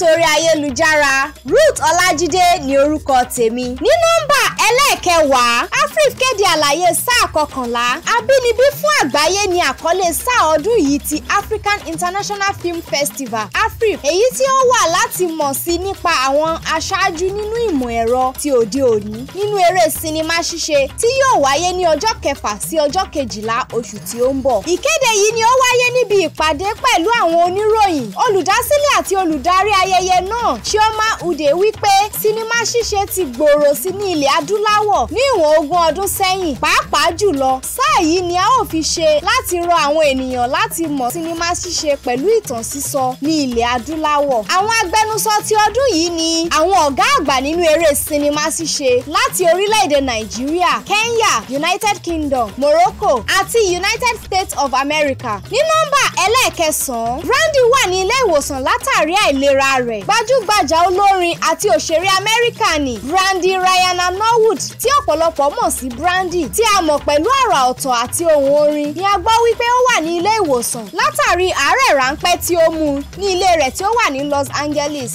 látòrí ayélujára Ruth Ọlájídé ni orúkọ tèmi ní nọ́mbà ẹlẹ́ẹ̀kẹwàá afrif kéde àlàyé sáà kọkànlá abínibí fún àgbáyé ni àkọlé sáà ọdún yìí ti african international film festival afrif èyí tí ó wà láti mọ̀ sí nípa àwọn aṣáájú nínú ìmọ̀ ẹ̀rọ ti òde òní nínú eré sinimá ṣíṣe tí yóò wáyé ní ọjọ́ kẹfà sí ọjọ́ kejìlá oṣù tí ó ń bọ̀ ìkéde yìí ni ó wáyé níbi ìpàdé pẹ̀lú àwọn oníròyìn olùdásílẹ̀ àti olùdarí ayẹyẹ náà chioma ude wípé sinimá ṣíṣe ti gbòòrò sí ní ilẹ̀ adú adúláwọ̀ ní ìwọ̀n ogún ọdún sẹ́yìn pàápàá jùlọ sáà yìí ni a ó fi ṣe láti rọ àwọn ènìyàn láti mọ̀ sinimá ṣíṣe pẹ̀lú ìtàn sísọ ní ilẹ̀ adúláwọ̀ àwọn agbẹnusọ ti ọdún yìí ni àwọn ọ̀gá àgbà nínú eré sinimá ṣíṣe láti orílẹ̀-èdè Nàìjíríà Kenya United Kingdom Morocco àti United States of America ní nọ́mbà ẹlẹ́ẹ̀kẹsàn-án Brandy wà ní ilé ìwòsàn látàrí àìlera rẹ̀ gbajúgbajà olórin àti òṣèré Amẹ́ríkà ni Brandy Ryan Ryananowo Wood tí ọ̀pọ̀lọpọ̀ mọ̀ sí Brandy tí a mọ̀ pẹ̀lú àrà ọ̀tọ̀ àti ohun orin ni a gbọ́ wípé ó wà ní ilé ìwòsàn látàrí àárẹ̀ ráńpẹ́ tí ó mú ní ilé rẹ̀ tí ó wà ní Los Angeles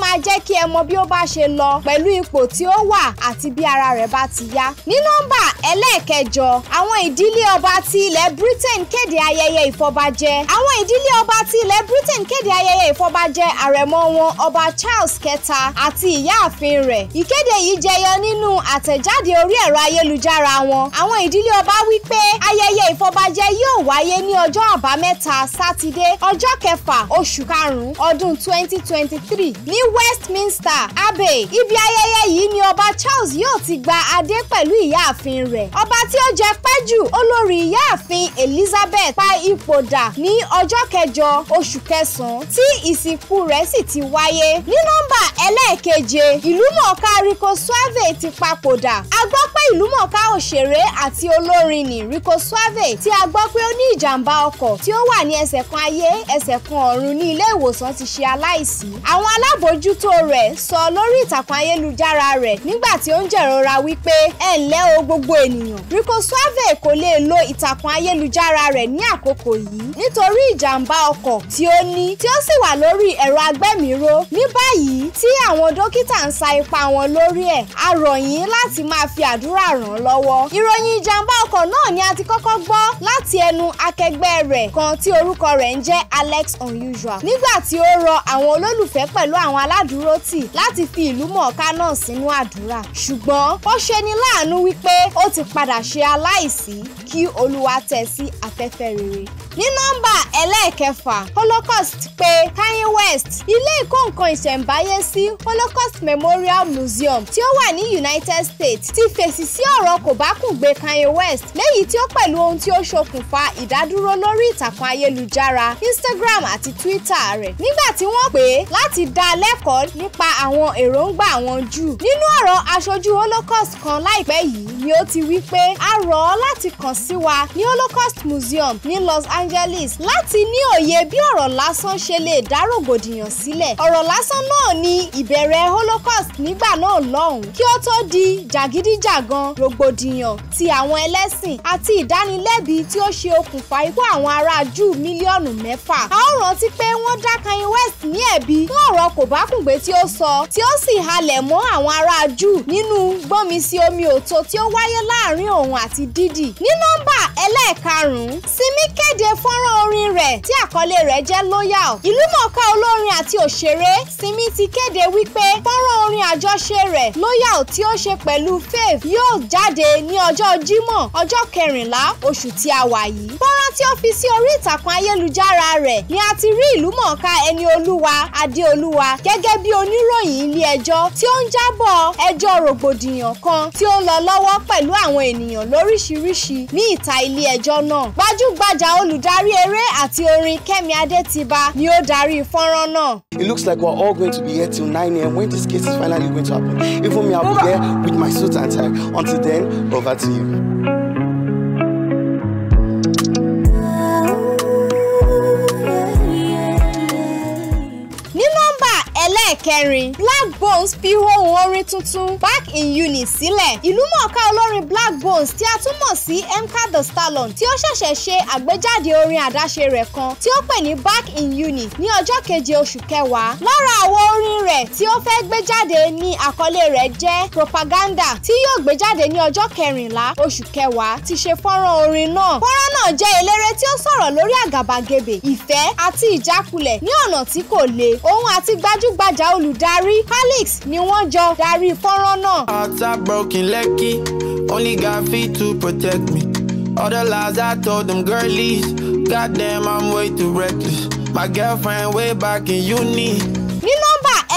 máa jẹ́ kí ẹ mọ bí ó bá ṣe lọ pẹ̀lú ipò tí ó wà àti bí ara rẹ̀ bá ti yá. ní nọ́mbà ẹlẹ́ẹ̀kẹjọ àwọn ìdílé ọba ti ilẹ̀ Britain kéde ayẹyẹ ìfọbajẹ. àwọn ìdílé ọba ti ilẹ̀ Britain kéde ayẹyẹ ìfọbajẹ àrẹ̀mọ wọn ọba Charles kẹta àti ìyáàfin rẹ̀. ìkéde yìí jẹyọ nínú àtẹ̀jáde orí ẹ̀rọ ayélujára wọn. àwọn ìdílé ọba wí pé ayẹyẹ ìfọbajẹ yóò wáyé ní ọjọ́ àbámẹ́ta sátidé ọjọ́ kẹfà oṣù karùn-ún ọdún 2023 ní Westminster Abbey ibi ayẹyẹ yìí ni ọba Charles yóò ti gba adé pẹ̀lú ìyáàfin rẹ̀ ọba tí ó jẹ pẹ́ jù olórí ìyáàfin Elizabeth pa ipò dà ní ọjọ́ kẹjọ oṣù kẹsàn-án tí ìsìnkú rẹ̀ sì ti wáyé ní nọ́mbà ẹlẹ́ẹ̀keje ìlúmọ̀ọ́ká Rico Suave ti papòdà a gbọ́ pé ìlúmọ̀ọ́ká òṣèré àti olórin ni Rico Suave tí a gbọ́ pé ó ní ìjàmbá ọkọ̀ tí ó wà ní ẹsẹ̀ kan ayé ẹsẹ̀ kan ọ̀run ní ilé ìwòsàn ti ṣe aláìsí àwọn alábò alábòójútó rẹ̀ sọ lórí ìtàkùn ayélujára rẹ̀ nígbà tí ó ń jẹ̀rora wípé ẹ ǹlẹ́ o gbogbo ènìyàn Rico Suave kò lè lo ìtàkùn ayélujára rẹ̀ ní àkókò yìí nítorí ìjàmbá ọkọ̀ tí ó ní tí ó sì wà lórí ẹ̀rọ agbẹ́mìíró ní báyìí tí àwọn dókítà ń sa ipa wọn lórí ẹ̀ a rọ̀ yín láti máa fi àdúrà ràn lọ́wọ́ ìròyìn ìjàmbá ọkọ̀ náà ni a ti kọ́kọ́ gbọ́ láti ẹnu akẹgbẹ́ rẹ̀ kan tí orúkọ rẹ̀ ń jẹ́ Alex Unusual nígbà tí ó rọ àwọn olólùfẹ́ pẹ̀lú àwọn àwọn aládùúró tì láti fi ìlú mọ̀ọ́ká náà sínú àdúrà ṣùgbọ́n ó ṣeni láàánú wípé ó ti padà ṣe aláìsí kí olúwa tẹ̀ sí afẹ́fẹ́ rere ní nọ́mbà ẹlẹ́ẹ̀kẹfà holocaust pé kanye west ilé ìkó nǹkan ìṣẹ̀ǹbáyé sí holocaust memorial museum tí ó wà ní united states ti fèsì sí ọ̀rọ̀ kòbákùngbé kanye west léyìí tí ó pẹ̀lú ohun tí ó ṣokùnfà ìdádúró lórí ìtàkùn ayélujára instagram àti twitter rẹ̀ nígbà tí wọ́n pè é láti dá a lẹ́ lẹ́kọ̀ọ́ nípa àwọn èròǹgbà àwọn Júù. Nínú ọ̀rọ̀ aṣojú Holocaust kan láìpẹ́ yìí ni ó ti wí pé a rọ̀ ọ́ láti kàn sí wa ní Holocaust Museum ní Los Angeles láti ní òye bí ọ̀rọ̀ lásán ṣe lè dá rògbòdìyàn sílẹ̀. Ọ̀rọ̀ lásán náà ni ìbẹ̀rẹ̀ Holocaust nígbà náà lọ́hùn-ún kí ó tó di jàgídíjàgan rògbòdìyàn ti àwọn ẹlẹ́sìn àti ìdánilẹ́bi tí ó ṣe okùnfà ikú àwọn ará Júù mílíọ̀nù mẹ́fà. A ó rántí pé wọ́n dá Kanye West ní ẹ̀bi fún ọ̀rọ̀ kò b Òbákùngbé tí ó sọ tí ó sì halẹ̀ mọ́ àwọn ará jù nínú gbọ́nmisí omi òtó tí ó wáyé láàrin òun àti Diddy ní nọ́mbà ẹlẹ́ẹ̀karùn-ún Simi kéde fọ́nrán orin rẹ̀ tí àkọlé rẹ̀ jẹ́ loyal ìlúmọ̀ọ́ká olórin àti òṣèré Simi ti kéde wípé fọ́nrán orin àjọṣe rẹ̀ loyal tí ó ṣe pẹ̀lú Faith yóò jáde ní ọjọ́ Jímọ̀ ọjọ́ kẹrìnlá oṣù tí a wà yìí fọ́nrán tí ó fi sí orí ìtàkùn ayélujára rẹ̀ ni a ti rí ìlúmọ̀ọ́ká ẹni olúwa Adéolúwa gẹ́gẹ́ bí oníròyìn ilé ẹjọ́ tí ó ń jábọ̀ ẹjọ́ rògbòdìyàn kan tí ó ń lọ lọ́wọ́ pẹ̀lú àwọn ènìyàn lóríṣiríṣi ní ìta ilé ẹjọ́ náà gbajúgbajà olùdarí eré àti orin Kẹ́mi Adétìbá ni ó darí fọ́nrán náà. It looks like we're all going to be here till 9am when this case is finally going to happen. Even me, I'll be there with my suit and tie. Until then, over to you. lẹ́ẹ̀kẹrin Black Bones fi ohun orin tuntun Back in Uni sílẹ̀ ìlúmọ̀ọ́ká olórin Black Bones tí a tún mọ̀ sí Emka the Stallion tí ó ṣẹ̀ṣẹ̀ ṣe àgbéjáde orin àdáṣe rẹ̀ kan tí ó pè ní Back in Uni ní ọjọ́ keje oṣù kẹwàá lára àwọn orin rẹ̀ tí ó fẹ́ gbé jáde ni àkọlé rẹ̀ jẹ́ Propaganda tí yóò gbé jáde ní ọjọ́ kẹrìnlá oṣù kẹwàá ti ṣe fọ́nrán orin náà fọ́nrán náà jẹ́ eléré tí ó sọ̀rọ̀ lórí àgàbàgebè ìfẹ́ àti ìjákulẹ̀ ní ọ̀nà tí kò le òun àti gbajúgbajà Ìkẹjà olùdarí Alex ni wọ́n jọ darí fọ́nrán náà. Heart broken Lekki, only got feet to protect me. All the lies I told them girlies, goddamn I'm way too reckless. My girlfriend way back in uni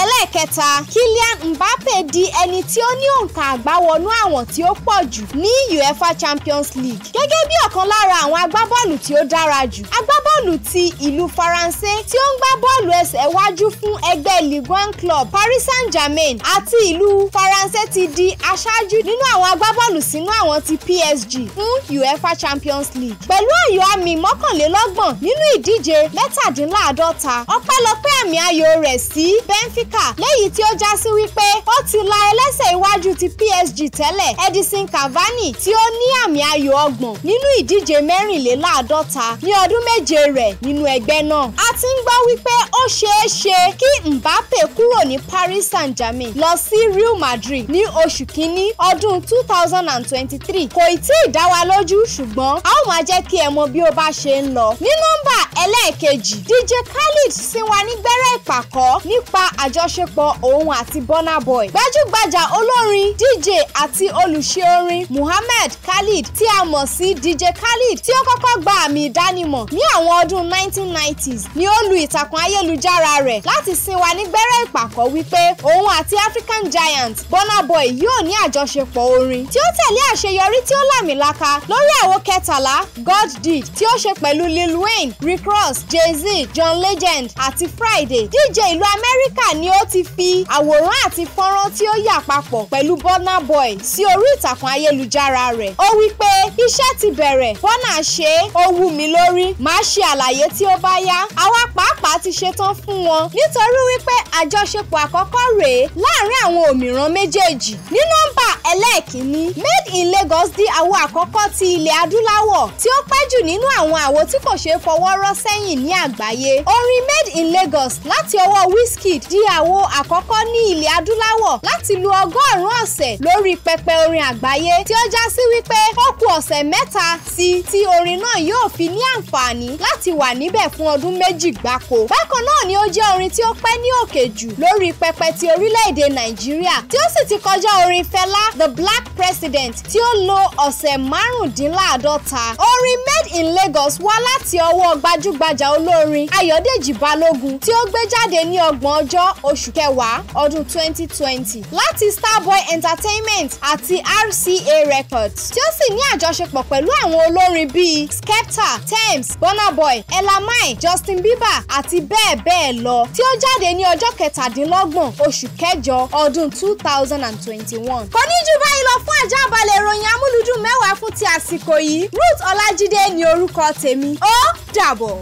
ẹlẹ́ẹ̀kẹta Kylian Mbappe di ẹni tí ó ní òǹkà àgbáwọnú àwọn tí ó pọ̀ jù ní UEFA Champions League gẹ́gẹ́ bí ọ̀kan lára àwọn agbábọ́ọ̀lù tí ó dára jù agbábọ́ọ̀lù ti ìlú Faransé tí ó ń gbá bọ́ọ̀lù ẹsẹ̀ wájú fún ẹgbẹ́ Ligue club Paris Saint-Germain àti ìlú Faransé ti di aṣáájú nínú àwọn agbábọ́ọ̀lù sínú àwọn ti PSG fún UEFA Champions League pẹ̀lú ayò àmì mọ́kànlélọ́gbọ̀n nínú ìdíje mẹ́tàdínláàádọ́ta ọpẹ́lọpẹ́ àmì ayò rẹ̀ sí Benfica Saka léyìí tí ó já wípé ó ti la ẹlẹ́sẹ̀ iwájú ti PSG tẹ́lẹ̀ Edison Cavani tí ó ní àmì ayò ọgbọ̀n nínú ìdíje mẹ́rìnléláàádọ́ta ní ọdún méje rẹ̀ nínú ẹgbẹ́ náà a ti ń gbọ́ wípé ó ṣeé ṣe kí Mbappe kúrò ní Paris Saint-Germain lọ sí Real Madrid ní oṣù kínní ọdún 2023 kò ì tí ì dá wa lójú ṣùgbọ́n a ó máa jẹ́ kí ẹ mọ bí ó bá ṣe ń lọ ní nọ́mbà ẹlẹ́ẹ̀kejì DJ Khalid sí wa ní gbẹ́rẹ́ ìpàkọ́ nípa àjọṣepọ̀ òun àti Burna Boy gbajúgbajà olórin DJ àti olùṣe orin Muhammad Khalid tí a mọ̀ sí DJ Khalid tí ó kọ́kọ́ gba àmì ìdánimọ̀ ní àwọn ọdún 1990s ni ó lu ìtàkùn ayélujára rẹ̀ láti sin wa ní gbẹ́rẹ́ ìpàkọ́ wípé òun àti African Giant Burna Boy yóò ní àjọṣepọ̀ orin tí ó tẹ̀lé àṣeyọrí tí ó làmìlaka lórí àwo kẹtàlá God Did tí ó ṣe pẹ̀lú Lil Wayne Rick Cross Jay-Z John Legend àti Friday DJ ìlú Amẹ́ríkà ni ó ti fi àwòrán àti fọ́nrán tí ó yà papọ̀ pẹ̀lú Burna Boy sí orí ìtàkùn ayélujára rẹ̀ ó wí pé iṣẹ́ ti bẹ̀rẹ̀ Burna ṣe ó wú mi lórí màá ṣe àlàyé tí ó bá yá àwa pàápàá ti ṣetán fún wọn nítorí wípé àjọṣepọ̀ àkọ́kọ́ rèé láàárín àwọn òmìrán méjèèjì ní nọ́mbà ẹlẹ́ẹ̀kínní made in Lagos di àwo àkọ́kọ́ ti ilẹ̀ adúláwọ̀ tí ó pẹ́ jù nínú àwọn àwo tí kò ṣeé fọwọ́ rọ́ sẹ́yìn ní àgbáyé orin made in Lagos láti ọwọ́ Wizkid di àwo àkọ́kọ́ ní ilẹ̀ adúláwọ̀ láti lu ọgọ́rùn-ún ọ̀sẹ̀ lórí pẹpẹ orin àgbáyé tí ó já sí wípé ó kù ọ̀sẹ̀ mẹ́ta sí tí orin náà yóò fi ní àǹfààní láti wà níbẹ̀ fún ọdún méjì gbáko bákan náà ni ó jẹ́ orin tí ó pẹ́ ní òkè jù lórí pẹpẹ ti orílẹ̀-èdè Nàìjíríà tí ó sì ti kọjá orin Fẹlá the black president tí ó lo ọ̀sẹ̀ márùndínláàádọ́ta orin made in Lagos wá láti ọwọ́ gbajúgbajà olórin Ayọ̀dèjì Balógun tí ó gbé jáde ní ọgbọ̀n ọjọ́ oṣù kẹwàá ọdún 2020 láti Starboy Entertainment àti RCA Records tí ó sì ní àjọṣepọ̀ pẹ̀lú àwọn olórin bíi Skepta Thames, Burna Boy Elamine Justin Bieber àti bẹ́ẹ̀ bẹ́ẹ̀ lọ tí ó jáde ní ọjọ́ kẹtàdínlọ́gbọ̀n oṣù kẹjọ ọdún 2021 kò ní jù báyìí lọ fún àjábálẹ̀ ìròyìn amúlùdùn mẹ́wàá fún ti àsìkò yìí Ruth Ọlájídé ni orúkọ tèmi ó dàbọ̀.